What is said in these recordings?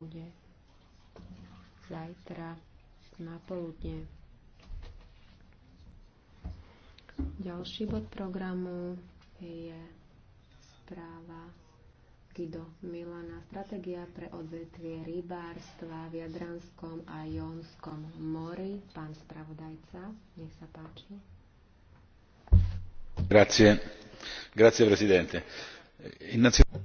bude zajtra na poludne. Ďalší bod programu je správa Guido Milana Stratégia pre odvetvie rybárstva v Jadranskom a Jonskom mori. Pán spravodajca, nech sa páči. Grazie. Grazie, presidente. Innanzitutto...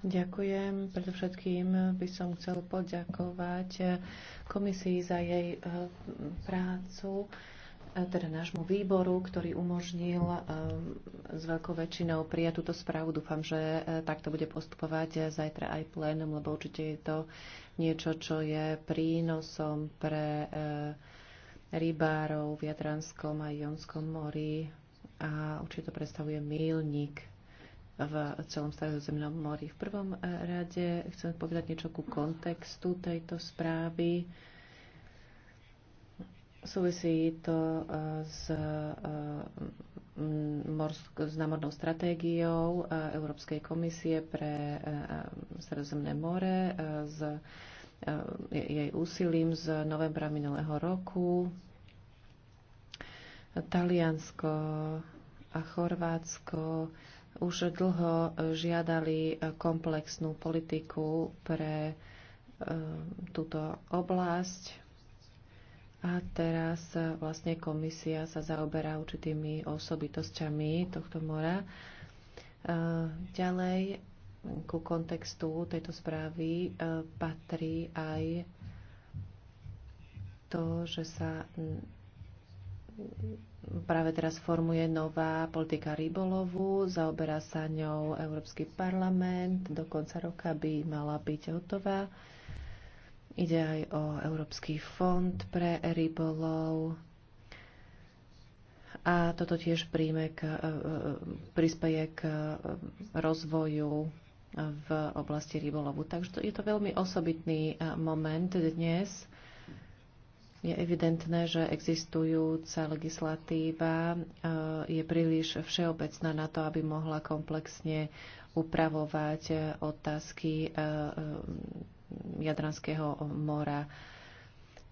Ďakujem. Predovšetkým by som chcel poďakovať komisii za jej e, prácu, e, teda nášmu výboru, ktorý umožnil e, s veľkou väčšinou prijať túto správu. Dúfam, že takto bude postupovať zajtra aj plénum, lebo určite je to niečo, čo je prínosom pre rybárov v Jadranskom a Jonskom mori a určite to predstavuje mílnik v celom stredozemnom mori. V prvom eh, rade chcem povedať niečo ku kontextu tejto správy. Súvisí to eh, s, eh, s námornou stratégiou Európskej komisie pre Stredozemné more, s jej úsilím z novembra minulého roku. Taliansko a Chorvátsko už dlho žiadali komplexnú politiku pre e, túto oblasť a teraz vlastne komisia sa zaoberá určitými osobitosťami tohto mora. E, ďalej ku kontextu tejto správy e, patrí aj to, že sa práve teraz formuje nová politika rybolovu, zaoberá sa ňou Európsky parlament, do konca roka by mala byť hotová. Ide aj o Európsky fond pre rybolov a toto tiež príjme k, e, e, prispieje k e, rozvoju v oblasti rybolovu. Takže to, je to veľmi osobitný moment dnes je evidentné, že existujúca legislatíva eh, je príliš všeobecná na to, aby mohla komplexne upravovať eh, otázky eh, Jadranského mora.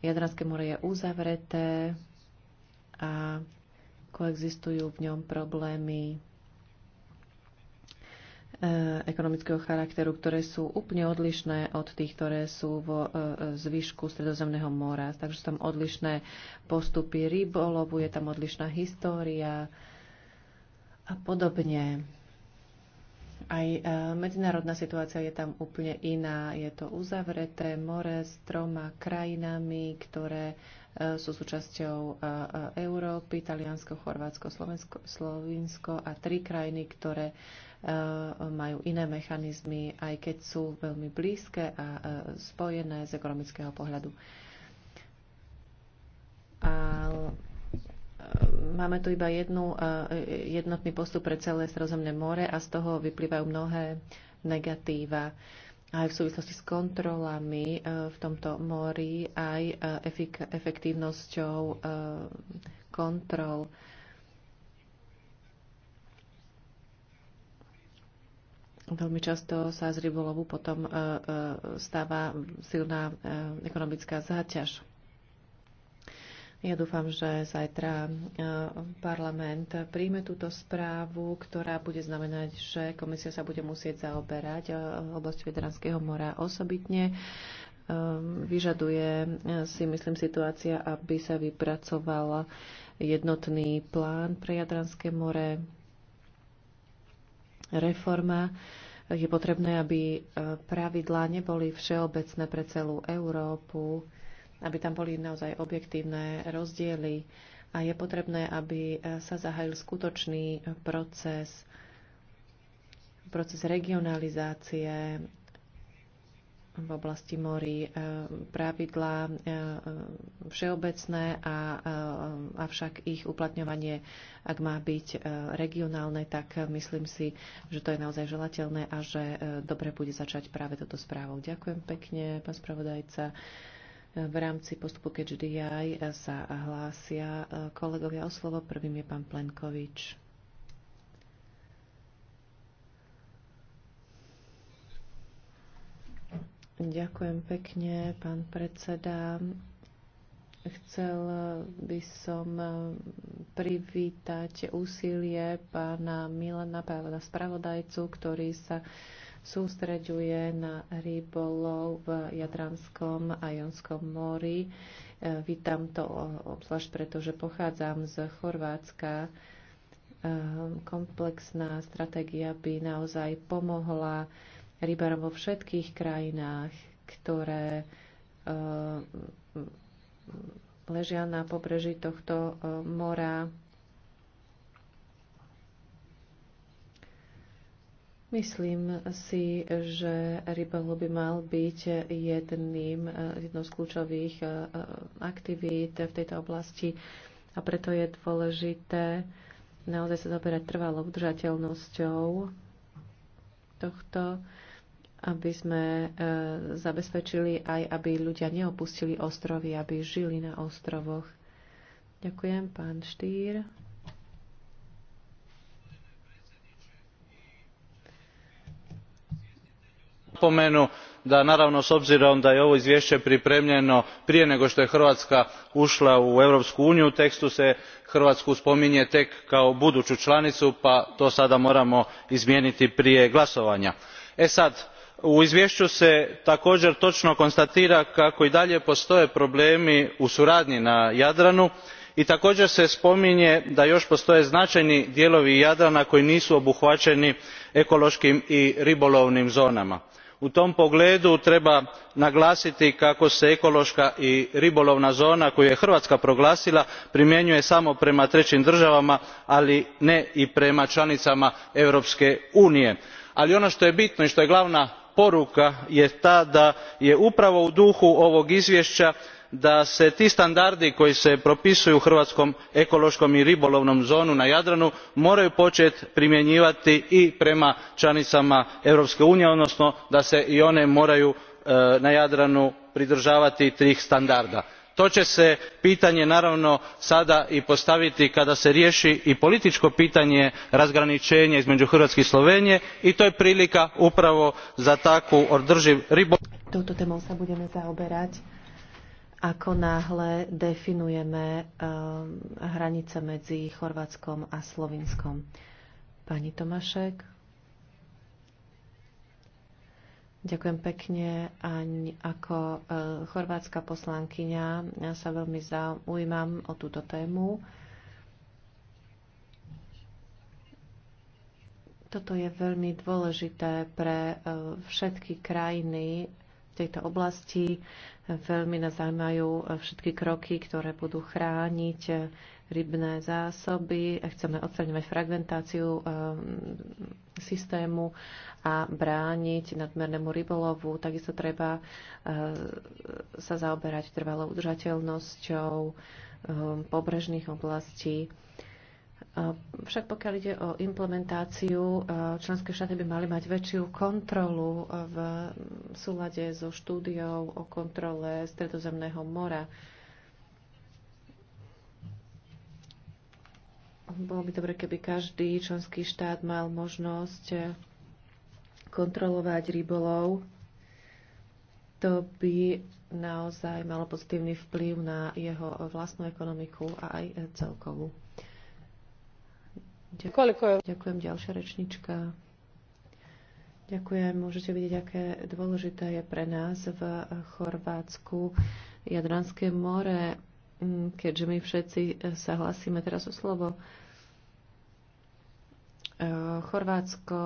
Jadranské more je uzavreté a koexistujú v ňom problémy Eh, ekonomického charakteru, ktoré sú úplne odlišné od tých, ktoré sú vo eh, zvyšku Stredozemného mora. Takže sú tam odlišné postupy rybolovu, je tam odlišná história a podobne. Aj eh, medzinárodná situácia je tam úplne iná. Je to uzavreté more s troma krajinami, ktoré sú súčasťou e, e, Európy, Taliansko, Chorvátsko, Slovensko, Slovinsko a tri krajiny, ktoré e, majú iné mechanizmy, aj keď sú veľmi blízke a spojené z ekonomického pohľadu. A máme tu iba jednu, jednotný postup pre celé Stredozemné more a z toho vyplývajú mnohé negatíva aj v súvislosti s kontrolami e, v tomto mori, aj e, efektívnosťou e, kontrol. Veľmi často sa z rybolovu potom stáva silná ekonomická záťaž. Ja dúfam, že zajtra e, parlament príjme túto správu, ktorá bude znamenať, že komisia sa bude musieť zaoberať e, oblasti Vedranského mora osobitne. E, vyžaduje si, myslím, situácia, aby sa vypracoval jednotný plán pre Jadranské more, reforma je potrebné, aby pravidlá neboli všeobecné pre celú Európu aby tam boli naozaj objektívne rozdiely a je potrebné, aby e, sa zahájil skutočný proces, proces regionalizácie v oblasti morí e, pravidlá e, všeobecné, a, avšak ich uplatňovanie, ak má byť regionálne, tak myslím si, že to je naozaj želateľné a že dobre bude začať práve toto správou. Ďakujem pekne, pán spravodajca v rámci postupu KGDI sa hlásia e, kolegovia o slovo. Prvým je pán Plenkovič. Ďakujem pekne, pán predseda. Chcel by som e, privítať úsilie pána Milana, pána spravodajcu, ktorý sa uh, sústreďuje na rybolov v Jadranskom a Jonskom mori. E, vítam to obzvlášť preto, že pochádzam z Chorvátska. E, komplexná stratégia by naozaj pomohla rybárom vo všetkých krajinách, ktoré e, ležia na pobreží tohto mora Myslím si, že rybolov by mal byť jedným, jednou z kľúčových eh, aktivít v tejto oblasti a preto je dôležité naozaj sa zaoberať trvalou udržateľnosťou tohto, aby sme eh, zabezpečili aj, aby ľudia neopustili ostrovy, aby žili na ostrovoch. Ďakujem, pán Štýr. napomenu da naravno s obzirom da je ovo izvješće pripremljeno prije nego što je hrvatska ušla u europsku uniju u tekstu se hrvatsku spominje tek kao buduću članicu pa to sada moramo izmijeniti prije glasovanja. e sad u izvješću se također točno konstatira kako i dalje postoje problemi u suradnji na jadranu i također se spominje da još postoje značajni dijelovi jadrana koji nisu obuhvaćeni ekološkim i ribolovnim zonama u tom pogledu treba naglasiti kako se ekoloka i ribolovna zona koju je hrvatska proglasila primjenjuje samo prema treim dravama ali ne i prema lanicama europske unije. ali ono to je bitno i to je glavna poruka je ta da je upravo u duhu ovog izvjea da se ti standardi koji se propisuju hrvatskom ekolokom i ribolovnom zonom na jadranu moraju poeti primjenjivati i prema lanicama europske unije odnosno da se i one moraju e, na jadranu pridravati tih standarda. to e se pitanje naravno sada i postaviti kada se rijei i politiko pitanje razgranienja izmeu hrvatske i slovenije i to je prilika upravo za takav odriv ribolov ako náhle definujeme eh, hranice medzi Chorvátskom a Slovinskom. Pani Tomášek. Ďakujem pekne. Aň ako eh, chorvátska poslankyňa ja sa veľmi zaujímam o túto tému. Toto je veľmi dôležité pre eh, všetky krajiny tejto oblasti. Veľmi nás zaujímajú eh, všetky kroky, ktoré budú chrániť eh, rybné zásoby. Chceme odstraňovať fragmentáciu eh, systému a brániť nadmernému rybolovu. Takisto treba sa zaoberať trvalou udržateľnosťou pobrežných oblastí. Však pokiaľ ide o implementáciu, e, členské štáty by mali mať väčšiu kontrolu e, v súlade so štúdiou o kontrole Stredozemného mora. Bolo by dobre, keby každý členský štát mal možnosť e, kontrolovať rybolov. To by naozaj malo pozitívny vplyv na jeho vlastnú ekonomiku a aj celkovú. Ďakujem. Ďakujem, ďalšia rečnička. Ďakujem. Môžete vidieť, aké dôležité je pre nás v Chorvátsku Jadranské more, mm, keďže my všetci sa hlasíme teraz o slovo. E, Chorvátsko,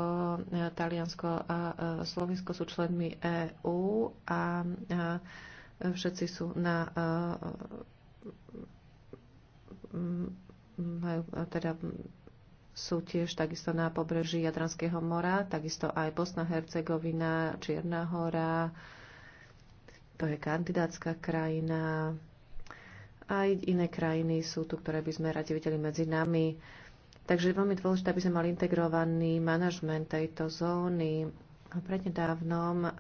e, Taliansko a e, Slovinsko sú členmi EÚ a všetci sú na majú teda sú tiež takisto na pobreží Jadranského mora, takisto aj Bosna, Hercegovina, Čierna hora, to je kandidátska krajina. Aj iné krajiny sú tu, ktoré by sme radi videli medzi nami. Takže je veľmi dôležité, aby sme mali integrovaný manažment tejto zóny. Prednedávnom eh,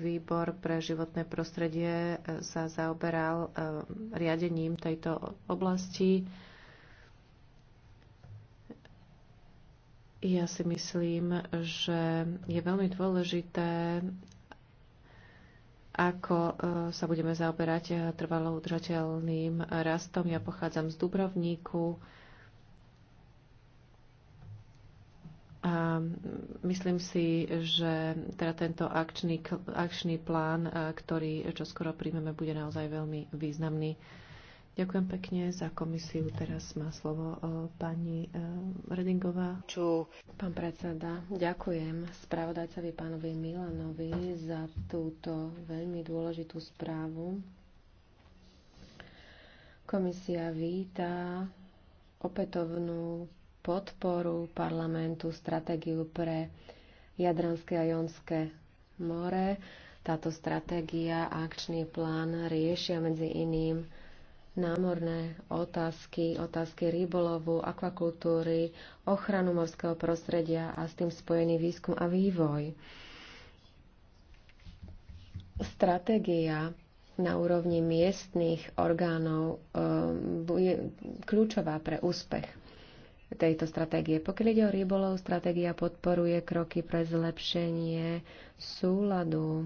výbor pre životné prostredie eh, sa zaoberal eh, riadením tejto oblasti. Ja si myslím, že je veľmi dôležité, ako e, sa budeme zaoberať e, trvalo udržateľným rastom. Ja pochádzam z Dubrovníku a myslím si, že teda tento akčný, akčný plán, e, ktorý čoskoro príjmeme, bude naozaj veľmi významný. Ďakujem pekne za komisiu. Teraz má slovo e, pani e, Redingová. Ču. Pán predseda, ďakujem spravodajcovi pánovi Milanovi za túto veľmi dôležitú správu. Komisia víta opätovnú podporu parlamentu stratégiu pre Jadranské a Jonské more. Táto stratégia a akčný plán riešia medzi iným námorné otázky, otázky rybolovu, akvakultúry, ochranu morského prostredia a s tým spojený výskum a vývoj. Stratégia na úrovni miestných orgánov je eh, kľúčová pre úspech tejto stratégie. Pokiaľ ide o rybolov, stratégia podporuje kroky pre zlepšenie súladu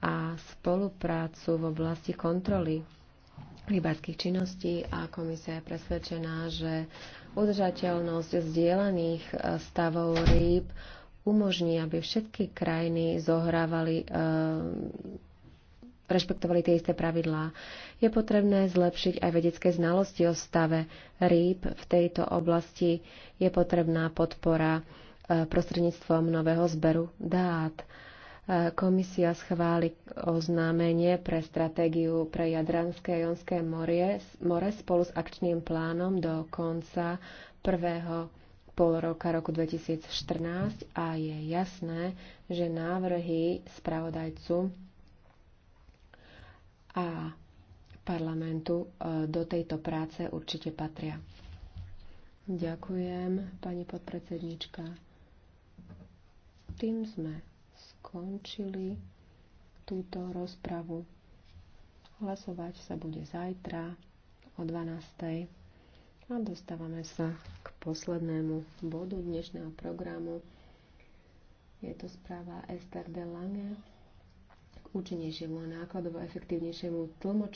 a spoluprácu v oblasti kontroly rybárskych činností a komisia je presvedčená, že udržateľnosť zdieľaných e, stavov rýb umožní, aby všetky krajiny zohrávali, e, rešpektovali tie isté pravidlá. Je potrebné zlepšiť aj vedecké znalosti o stave rýb. V tejto oblasti je potrebná podpora e, prostredníctvom nového zberu dát komisia schváli oznámenie pre stratégiu pre Jadranské a Jonské more, more spolu s akčným plánom do konca prvého pol roka roku 2014 a je jasné, že návrhy spravodajcu a parlamentu e, do tejto práce určite patria. Ďakujem, pani podpredsednička. Tým sme skončili túto rozpravu. Hlasovať sa bude zajtra o 12.00. A dostávame sa k poslednému bodu dnešného programu. Je to správa Esther de Lange k účinnejšiemu a nákladovo efektívnejšiemu tlmočeniu.